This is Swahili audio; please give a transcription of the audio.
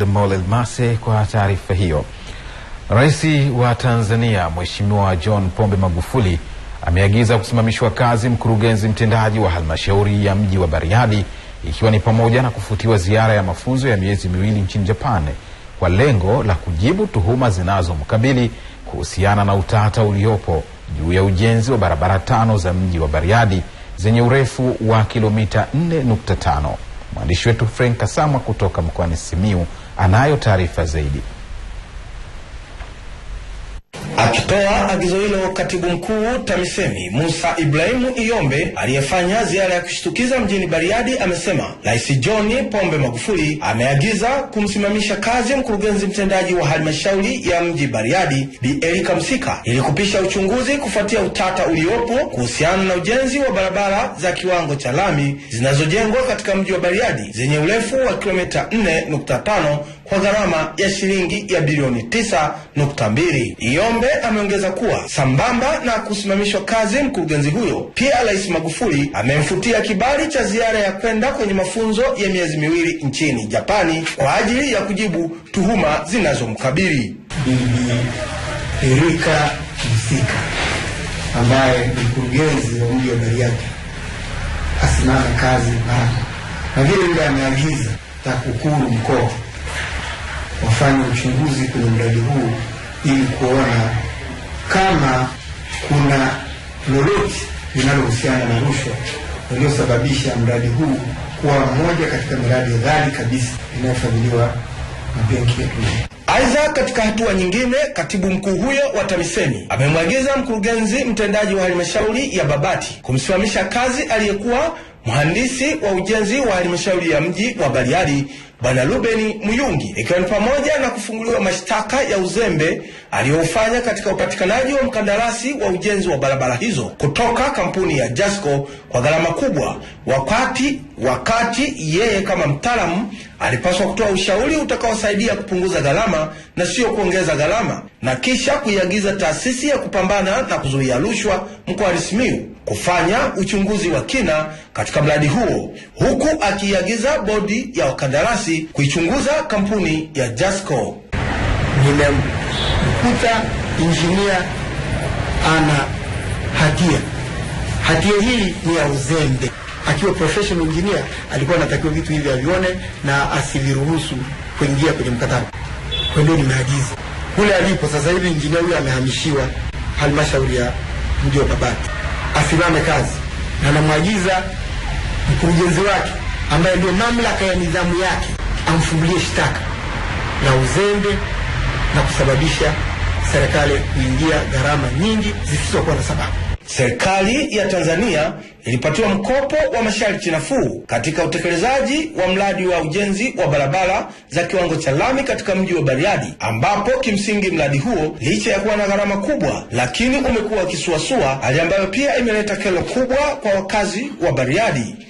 Ndomole Elmase kwa taarifa hiyo. Rais wa Tanzania Mheshimiwa John Pombe Magufuli ameagiza kusimamishwa kazi mkurugenzi mtendaji wa halmashauri ya mji wa Bariadi ikiwa ni pamoja na kufutiwa ziara ya mafunzo ya miezi miwili nchini Japan kwa lengo la kujibu tuhuma zinazomkabili kuhusiana na utata uliopo juu ya ujenzi wa barabara tano za mji wa Bariadi zenye urefu wa kilomita 4.5. Mwandishi wetu Frank Kasamwa kutoka mkoani Simiu anayo taarifa zaidi. Akitoa agizo hilo, katibu mkuu TAMISEMI Musa Ibrahimu Iyombe aliyefanya ziara ya kushtukiza mjini Bariadi amesema Rais John Pombe Magufuli ameagiza kumsimamisha kazi mkurugenzi mtendaji wa halmashauri ya mji Bariadi Bi Erika Msika ili kupisha uchunguzi kufuatia utata uliopo kuhusiana na ujenzi wa barabara za kiwango cha lami zinazojengwa katika mji wa Bariadi zenye urefu wa kilomita 4.5 kwa gharama ya shilingi ya bilioni mbili. Iombe ameongeza kuwa sambamba na kusimamishwa kazi mkurugenzi huyo, pia Rais Magufuli amemfutia kibali cha ziara ya kwenda kwenye mafunzo ya miezi miwili nchini Japani kwa ajili ya kujibu tuhuma zinazomkabili Erika Msika ambaye ni mkurugenzi wa mji wa Bariadi asimame kazi mara na vile vile ameagiza TAKUKURU mkoa kufanya uchunguzi kwenye mradi huu ili kuona kama kuna lolote linalohusiana na rushwa iliyosababisha mradi huu kuwa mmoja katika miradi ghali kabisa inayofadhiliwa na benki ya Dunia. Aidha, katika hatua nyingine, katibu mkuu huyo wa TAMISEMI amemwagiza mkurugenzi mtendaji wa halmashauri ya Babati kumsimamisha kazi aliyekuwa Mhandisi wa ujenzi wa halmashauri ya mji wa Bariadi Bwana Ruben Muyungi, ikiwa ni pamoja na kufunguliwa mashtaka ya uzembe aliyoufanya katika upatikanaji wa mkandarasi wa ujenzi wa barabara hizo kutoka kampuni ya Jasco kwa gharama kubwa, wakati wakati yeye kama mtaalamu alipaswa kutoa ushauri utakaosaidia kupunguza gharama na sio kuongeza gharama, na kisha kuiagiza taasisi ya kupambana na kuzuia rushwa mkoani Simiyu kufanya uchunguzi wa kina katika katika mradi huo huku akiagiza bodi ya wakandarasi kuichunguza kampuni ya Jasco. Nimemkuta injinia ana hatia, hatia hii ni ya uzembe. Akiwa professional engineer alikuwa anatakiwa vitu hivi avione na asiviruhusu kuingia kwenye mkataba. Kwa hiyo nimeagiza kule alipo sasa hivi injinia huyo amehamishiwa halmashauri ya mji wa Babati asimame kazi na namwagiza mkurugenzi wake ambaye ndio mamlaka ya nidhamu yake amfungulie shtaka la uzembe na kusababisha serikali kuingia gharama nyingi zisizokuwa na sababu. Serikali ya Tanzania ilipatiwa mkopo wa masharti nafuu katika utekelezaji wa mradi wa ujenzi wa barabara za kiwango cha lami katika mji wa Bariadi, ambapo kimsingi mradi huo licha ya kuwa na gharama kubwa, lakini umekuwa kisuasua, hali ambayo pia imeleta kero kubwa kwa wakazi wa Bariadi.